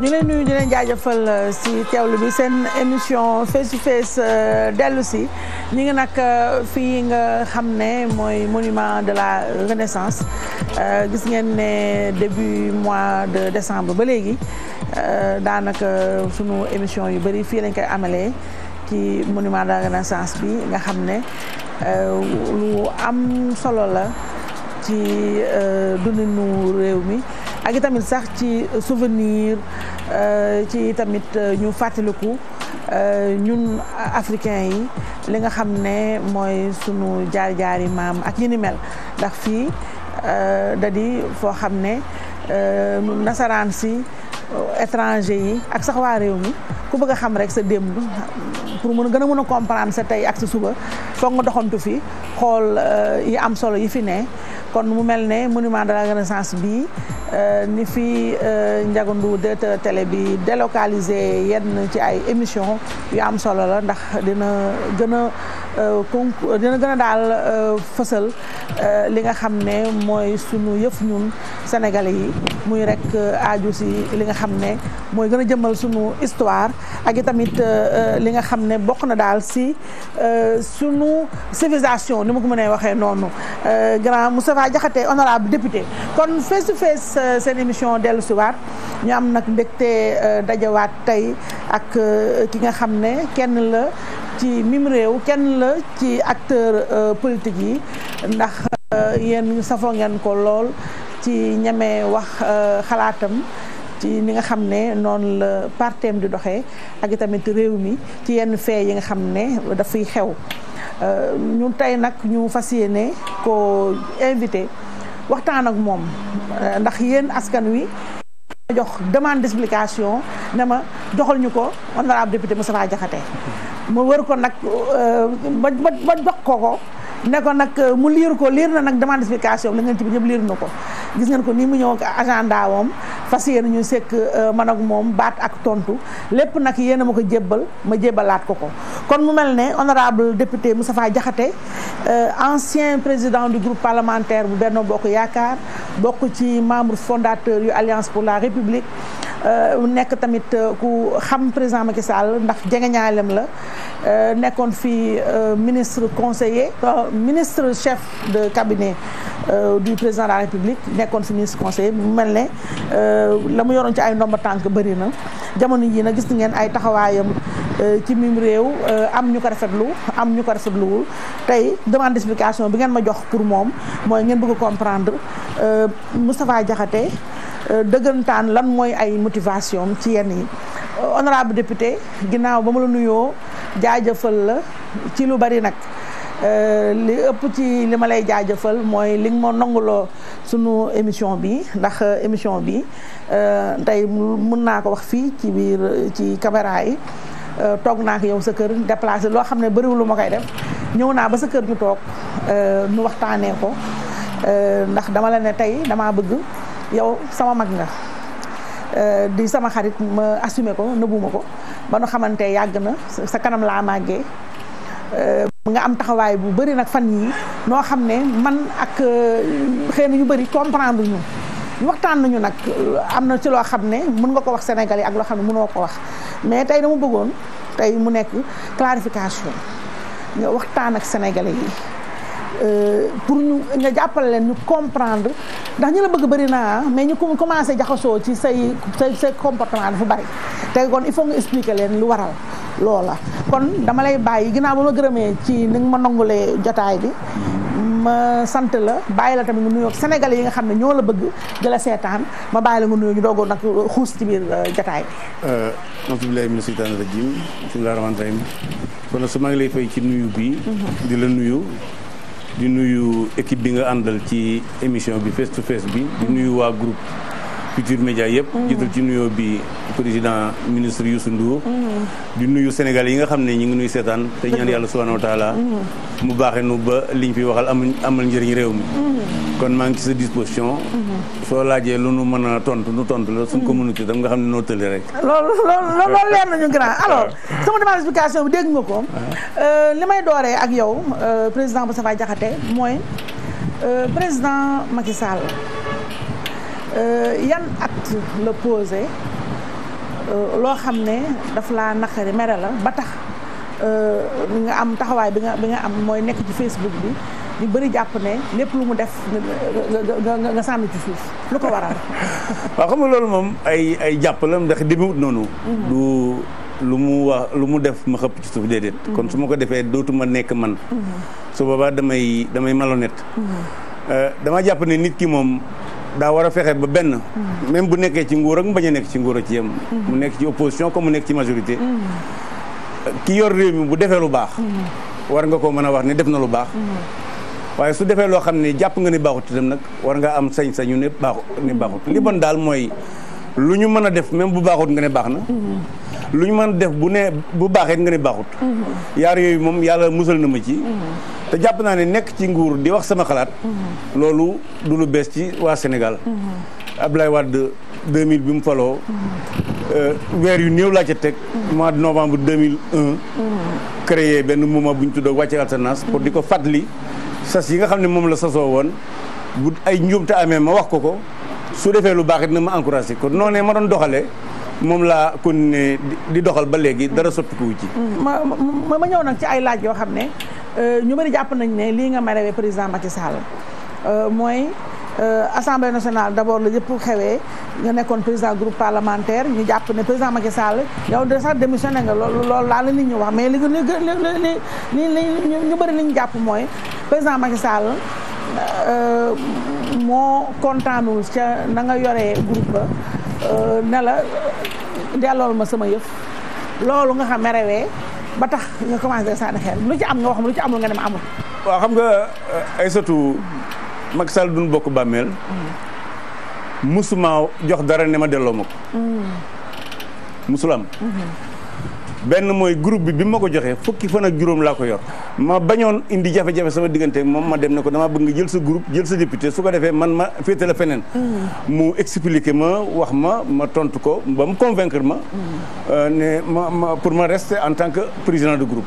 ñu leen nuyu leen jaajëfal euh, si teewlu bi seen émission face to face euh, dellu si ñu ngi nag euh, fii nga xam ne mooy monument de la renaissance gis ngeen ne début mois de décembre ba léegi daanaka sunu émission yu bëri fii lañ koy amalee ci monument de la renaissance bi nga xam ne lu am solo la ci dundinu réew mi ak itamit sax ci souvenir Euh, ci tamit euh, ñu fàttaliku euh, ñun africains yi li nga xam ne mooy sunu jaar jaari maam ak ñu ndax fi da di foo xam ne nasaraan si. étranger yi ak sax waa réew mi ku bëgg xam rek sa démb pour mun a gën a mën a comprendre sa tey ak sa suba foog nga doxantu fi xool euh, yi am solo yi fi ne kon mu mel ne monument de la renaissance bii euh, ni fi euh, njagandu directeur télé bi délocalisé yenn ci ay émission yu am solo la ndax dina gën a Euh, concours euh, dina gën a daal euh, fësal li nga xam ne mooy sunu yëf ñun sénégalais yi muy rek aaju si li nga xam ne mooy gën a jëmmal sunu histoire ak itamit li nga xam ne bokk na daal si sunu civilisation ni ma ko mënee waxee noonu grand Moustapha Diakhaté honorable député kon face to face seen émission dellu si waat ñu am nag mbégte dajawaat tey ak ki nga xam ne kenn la ci mim réew kenn la ci acteur euh, politique yi ndax euh, yéen safoo ngeen ko lool ci ñeme wax euh, xalaatam ci ni nga xam ne noonu la parteem di doxee ak tamit réew mi ci yenn fee yi nga xam ne dafay xew ñu tey nag ñu fas yéene ko invité waxtaan ak moom ndax yéen askan wi jox demande d'explication ne ma joxal ñu ko honorable député Moustapha Diakhaté mu wër ko nag euh, ba ba ba jox ko ko ne ko nag euh, mu liir ko liir na nag demande explication bi la ngeen ci bi yëpp liir na ko gis ngeen ko nii mu ñëw ak agenda woom fas yéene ñu sekk euh, man ak moom baat ak tontu lépp nag yéen ma ko jébbal ma jébbalaat ko ko kon mu mel ne honorable député Moustapha Diakhaté ancien président du groupe parlementaire bu benn Bokk Yaakaar bokk ci membre fondateur yu Alliance pour la République nekk tamit ku xam président Macky Sall ndax jegeñaalem la Euh, nekkoon fi euh, ministre conseiller euh, ministre chef de cabinet du président de la république nekkoon fi ministre conseiller mu mel ne la mu yoroon ci ay ndomba tànk bëri na jamono yi na gis ngeen ay taxawaayam ci mim réew am ñu ko rafetlu am ñu ko rafetluwul tey demande d'explication bi ngeen ma jox pour moom mooy ngeen bëgg comprendre Moustapha Diakhaté dëggantaan lan mooy ay motivation ci yenn yi honorable député ginnaaw ba ma la nuyoo jaajëfal la ci lu bari nag euh, li ëpp ci li ma lay jaajëfal mooy li nga ma nanguloo sunu émission bi ndax euh, émission bi euh, tey mun naa ko wax fii ci biir ci caméra yi toog naa ko yow sa kër déplacé loo xam ne bëriwul lu ma koy def ñëw naa ba sa kër ñu toog nu waxtaanee ko ndax dama la ne tey damaa bëgg yow sama mag nga di sama xarit ma assumé ko nëbbuma ko ba nu xamante yàgg na sa kanam laa màggee euh, nga am taxawaay bu bëri nag fan yii noo xam ne man ak euh, xëy na ñu bëri comprendre ñu waxtaan nañu nag euh, am na ci loo xam ne mën nga ko wax Sénégal yi ak loo xam ne mënoo ko wax mais tey dama bëggoon tey mu nekk clarification nga waxtaan ak sénégalais yi. Euh, pour ñu nga jàppale leen ñu comprendre ndax ñu la bëgg bëri naa mais ñu commencé jaxasoo ci say say say comportement dafa bari te kon il faut nga expliquer leen lu waral loola kon dama lay bàyyi ginnaaw ba ma gërëmee ci ni nga ma nangulee jotaay bi ma sant la bàyyi la tamit nga nuyoo Sénégalais yi nga xam ne ñoo la bëgg di la seetaan ma bàyyi la nga nuyoo ñu doogoo nag xuus ci biir euh, jotaay bi euh, aousubillahi mina seytaani rajim bismillahi rahmaani rahim kon nag su maa ngi lay fay ci nuyu bi di la nuyu di nuyu équipe bi nga àndal ci émission bi face to face bi di nuyu waa groupe Futurs Médias yëpp. Mm. jiital ci nuyoo bi président ministre Youssou Ndour. Mm. di nuyu Sénégal yi nga xam ne ñu ngi nuy seetaan te ñaan yàlla subhaanahu wa taala mm. mu baaxee nu ba liñ fi waxal amal njëriñ réew mi. kon maa ngi sa disposition. Mm-hmm. soo laajee lu nu mën a tontu nu tontu la suñ ko mënut itam nga xam ne noo tëli rek. loolu loolu loolu leer nañu grand alors sama demande explication bi dégg nga ko. Ah. Euh, li may dooree ak yow euh, président Moustapha Diakhaté mooy euh, président Macky Euh, yan acte la posé euh, loo xam ne daf laa naqari mere la ba tax euh, nga am taxawaay bi nga am mooy nekk ci Facebook bi ñu bari jàpp ne lépp lu mu def nga nga ci suuf lu ko waral. waaw xam loolu moom ay ay jàpp la ndax demewut noonu. Mhm. lu mu wax lu mu def ma xëpp ci suuf déedéet. Mhm. kon su ma ko defee dootuma nekk man. Mhm. su boobaa damay damay malhonnête. dama jàpp ne nit ki moom. daa war a fexe ba benn. même bu nekkee ci nguur ak mu bañ a nekk ci nguur a ci yem. mu nekk ci opposition comme mu nekk ci majorité. ki yor réew mi bu defee lu baax. war nga koo mën a wax ne def na lu baax. waaye su defee loo xam ne jàpp nga ni baaxut itam nag war nga am sañ-sañu ne baaxut ni baaxut li bon daal mooy lu ñu mën a def même bu baaxut nga ne baax na. lu ñu mën a def bu ne bu baaxee nga ne baaxut. Mm-hmm. yaar yooyu moom yàlla musal na ma ci. Mm-hmm. te jàpp naa ne nekk ci nguur di wax sama xalaat. loolu du lu bees ci waa Sénégal. Abdoulaye Wade mille bi mu faloo. Euh, weer yu néew laa ca teg. mois de novembre 2001. créé benn moment bu ñu tuddee wàcce alternance pour di ko fàttali sas yi nga xam ne moom la sasoo woon bu ay njuumte amee ma wax ko ko su defee lu baax it na ma encouragé ko noonee ma doon doxalee. moom laa kon ne di doxal ba léegi dara soppiku wu ci. Mm-hmm. ma ma ma ñëw nag ci ay laaj yoo xam ne. Euh, ñu bari jàpp nañ ne lii nga merewee président Macky Sall euh, mooy euh, assemblée nationale d'abord la yëpp xewee nga nekkoon président groupe parlementaire ñu jàpp ne président Macky Sall yow de sax démissionné nga loolu loolu laa la nit ñi wax mais li li li li ñu bëri li ñu jàpp mooy président Macky Sall moo kontaanul ca na nga yoree groupe ba ne la ma sama yëf loolu nga xam merewee ba tax nga commencé sànni xeer lu ci am nga wax ma ci amul nga dem amul. waaw xam nga eh, ay satu Macky Sall duñ bokk bàmmeel. Mm. musuma jox dara ne ma delloo ma ko. Mm. musul benn mooy groupe bi bi ma ko joxee fukki fan ak juróom laa ko yor ma bañoon indi jafe-jafe sama diggante moom ma dem ne ko dama bëgg nga jël sa groupe jël sa député su ko defee man ma féete la feneen mu expliqué ma wax ma ma tontu ko ba mu convaincre ma euh, ne ma pour ma rester en tant que président de groupe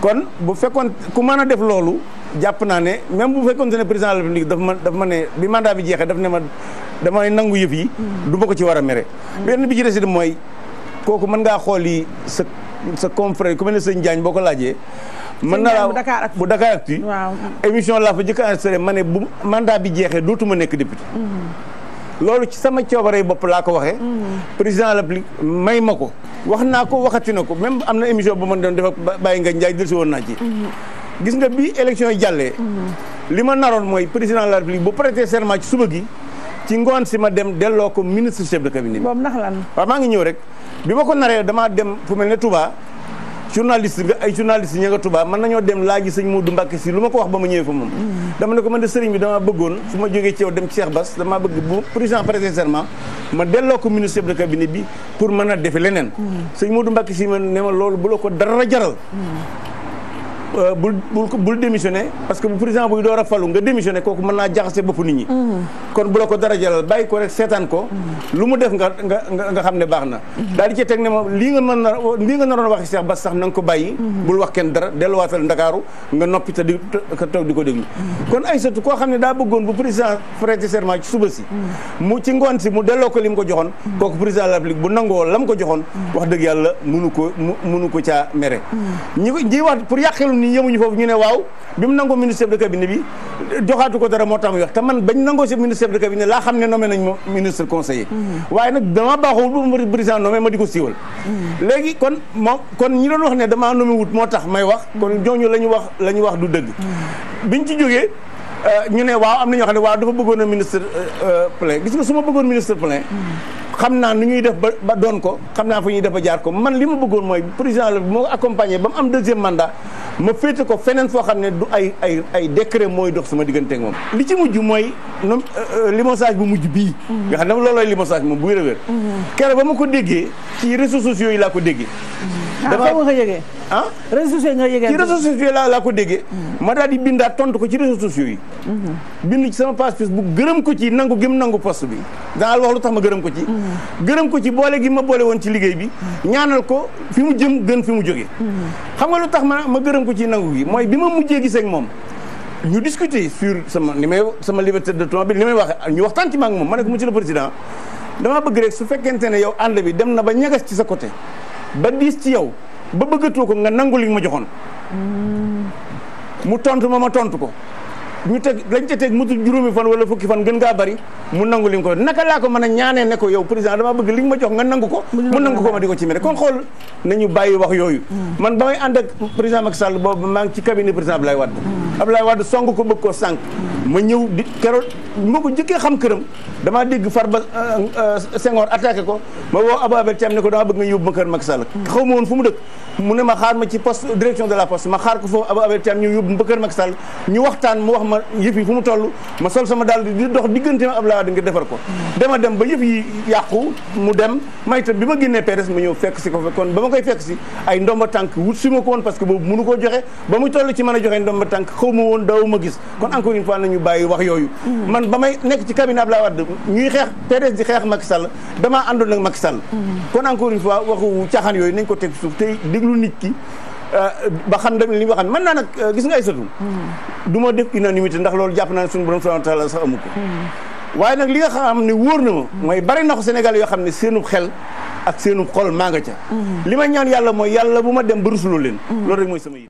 kon bu fekkoon ku mën a def loolu jàpp naa ne même bu fekkoon ne président de la République ma daf ma ne bi mandat bi jeexee daf ne ma damay nangu yëf yi du ma ko ci war a mere benn bi ci des mooy kooku mën ngaa xool yi sa sa confrère ku mel ne sëñ Diagne boo ko laajee. mën na laa bu Dakar bu Dakar ak ti émission laa fa jëkk enregistré ma ne bu mandat bi jeexee dootuma nekk député. Mm-hmm. loolu ci sama coobare bopp laa ko waxee. Mm-hmm. président la République may ma ko. wax naa ko waxati na ko même am na émission bu ma doon def ak Baye Ngagne Ndiaye dellusi woon naa ci. Mm-hmm. gis nga bi élection yi jàllee. li ma naroon mooy président de la République bu prêté serment ci suba gi. ci ngoon si ma dem delloo ko ministre chef de cabinet bi. boobu ndax maa ngi ñëw rek. bi ma ko naree damaa dem fu mel ne tubaa journaliste bi ay journaliste ña nga Touba mën nañoo dem laaji sëñ Modou Mbacke si lu ma ko wax ba ma ñëwee fa moom dama ne ko man de sëriñ bi damaa bëggoon su ma jógee ci yow dem Cheikh Bass damaa bëgg bu président prêté serment ma delloo ko ministre de cabinet bi pour mën a defe leneen mm. sëñ Modou Mbacke si ma nee ma loolu bu la ko dara jaral mm. Euh, bul bul parce que bu président buy door a falu nga démissionné kooku mën naa jaxase bopp nit ñi. Mm-hmm. kon bu ko dara jëlal bàyyi ko rek seetaan ko. Mm-hmm. lu mu def nga xam ne baax na. Mm-hmm. daal di ci teg ne moom lii nga mën na lii nga naroon waxi Cheikh Bass sax na nga ko bàyyi. bul wax kenn dara delluwaatal Ndakaaru nga noppi te di ko déglu. kon Aïssatou koo xam ne daa bëggoon bu président prêter serment ci suba si. mu ci ngoon si mu delloo ko li ko joxoon. kooku président de la République bu nangoo lam ko wax dëgg yàlla mënu ko mënu ko caa mere. ñi ko ñi xam ni yemuñu foofu ñu ne waaw bi mu nangoo ministre de cabinet bi joxaatu ko dara moo tax muy wax te man bañ nangoo si ministre de cabinet laa xam ne nommé nañ ma ministre conseiller mm-hmm. waaye nag dama baaxoo ba ma président nommé ma di ko siiwal mm-hmm. léegi kon moom kon ñi doon wax ne damaa nommé wut moo tax may wax kon ñooñu la ñu wax la ñu wax du dëgg mm-hmm. ñu ci jógee euh, ñu ne waaw am na xam ne waaw dafa bëggoon a ministre euh, euh, plein gis nga su ma bëggoon ministre plein xam naa nu ñuy def ba ba doon ko xam naa fa ñuy def ba jaar ko man li ma bëggoon mooy président la moo accompagné ba mu am deuxième mandat ma féete ko feneen foo xam ne du ay ay ay décret mooy dox sama diggante moom. li ci mujj mooy nom euh, euh, limogeage bu mujj bii. Mhm. nga xam ne loolooy limogeage moom buy rëwër. Mhm. keroog ba ma ko déggee ci réseaux sociaux yi laa ko déggee. Ah, dafa nga yëgee ah réseaux sociaux nga yëgee ci ko déggee mhm. ma daal di bindaat tontu ko ci réseaux sociaux yi bind ci sama page Facebook bu gërëm ko ci nangu gëm nangu post bi daal wax lu tax ma gërëm ko ci gërëm ko ci boole gi ma boole woon ci liggéey bi ñaanal ko fi mu jëm gën fi mu jóge xam nga lu tax ma ma gërëm ko ci nangu gi mooy bi ma mujjee gis ak moom ñu discuter sur sama li may sama liberté de ton bi li may wax ñu waxtaan ci ma moom ma ne ko monsieur le président damaa bëgg rek su fekkente ne yow ànd bi dem na ba ñeges ci sa côté ba diis ci yow ba bëggatoo ko nga nangu li ma joxoon mu tontu ma ma tontu ko ñu teg lañ ca teg mutu juróomi fan wala fukki fan gën ngaa bari mu nangu li mu ko naka laa ko mën a ñaanee ne ko yow président dama bëgg li nga ma jox nga nangu ko mu nangu ko ma di ko ci mere kon xool nañu bàyyi wax yooyu mm. man ba may ànd ak président ma Sall boobu maa ngi ci cabinet président Abdoulaye Wade mm. Abdoulaye Wade song ko bëgg koo sànq mm. ma ñëw di bi ma ko njëkkee xam këram damaa dégg Farba euh, euh, Senghor attaqué ko ma woo Ababacar Thiam ne ko dama bëgg nga yóbbu ma kër Macky Sall xaw ma woon fu mu dëkk mu ma xaar ma ci de la poste ma xaar ko foofu Ababacar Thiam ñu yóbbu ma kër Macky Sall ñu waxtaan mu wax ma yëf yi fu mu toll ma sol sama dal di dox diggante ma Abdoulaye Wade nga defar ko dama dem ba yëf yi yàqu mu dem may itam bi ma génnee PDS ma ñëw fekk si ko fa kon ba ma koy fekk si ay ndomba tànk wut si ma ko woon parce que boobu mënu koo joxe ba muy toll ci mën a joxe ndomba tànk xaw ma woon daaw ma gis kon encore une fois nañu bàyyi wax yooyu mm. man ba may nekk ci cabinet Abdoulaye Wade ñuy xeex PDS di xeex Macky Sall damaa àndoon ak Macky Sall kon encore une fois waxu caaxaan yooyu nañ ko teg suuf tey déglu nit ki euh, ba xam dem li ñu waxaan mën naa nag euh, gis nga ay mm. du ma def unanimité ndax loolu jàpp naa ne suñu borom subhanahu wa taala sax amu ko mm. waaye nag li nga xam ne wóor na ma mm. mooy bari na ko Sénégal yoo xam ne seenub xel ak seenub xol maa nga ca li ma ñaan yàlla mooy yàlla bu ma dem ba rusuloo leen loolu rek mooy sama yi